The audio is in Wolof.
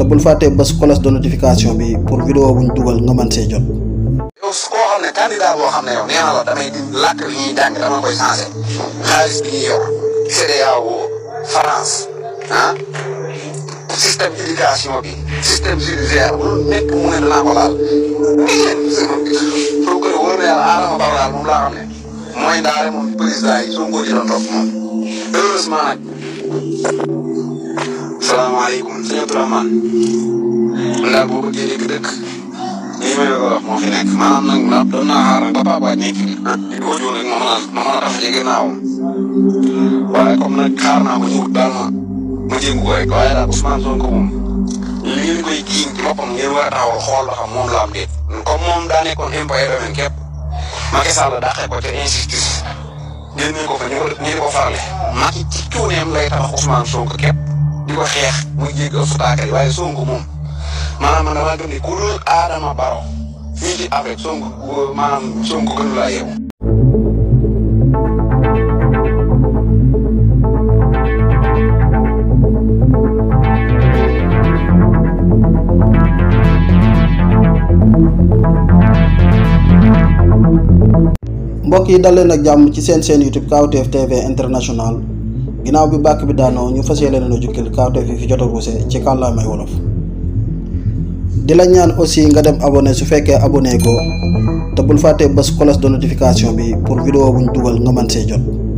te bul fàttee bés cloche de notification bi pour vidéo buñ dugal nga mën see jot. yow su koo xam ne candidat boo xam ne yow nee na la damay làkk yi ñuy jàng dama koy changé xaalis bi ñuy yor CEDEAO France ah système éducation bi système judiciaire lu nekk mu ne danaa ko laal. pour que wóor na yàlla Adama Barrow daal moom laa xam ne mooy ndaare moom président yi Sonko di doon topp moom heureusement nag. salaamaaleykum sëñ Abdourahmane ndax boo bëggee dégg dëkk lii may bëgg a wax moo fi nekk maanaam nag na doon naa xaar ba papa waaj nekk ma mën ma mën a rafet ci ginnaaw waaye comme xaar naa ko ñu wut baal ma ma jéngu ko rek waaye daal Ousmane Sonko moom li ngeen koy jiiñ ci boppam ngeen war a taxawal xool ba xam moom la am déet comme moom daa nekkoon impôt et domaine képp Macky Sall dàqee ko ko fa ñu ko ñu ko farale Macky ci cuuneem lay tabax Ousmane Sonko képp di ko xeex muy jéggal sutaaka yi waaye Sonko moom maanaam man damaa gëm ne ku dul Adama baro fi di avec songu manam songu gënul la yew mbokk yi dal nak jamm ci sen sen YouTube kawtf TV International ginnaaw bi bàkk bi daanoo ñu fas yéene na jukkil kaawteef yi fi jot a ruuse ci kàllaamay wolof di la ñaan aussi nga dem abone su fekkee abonné ko te bul fàtte bës cloche de notification bi pour vidéo buñ dugal nga mën see jot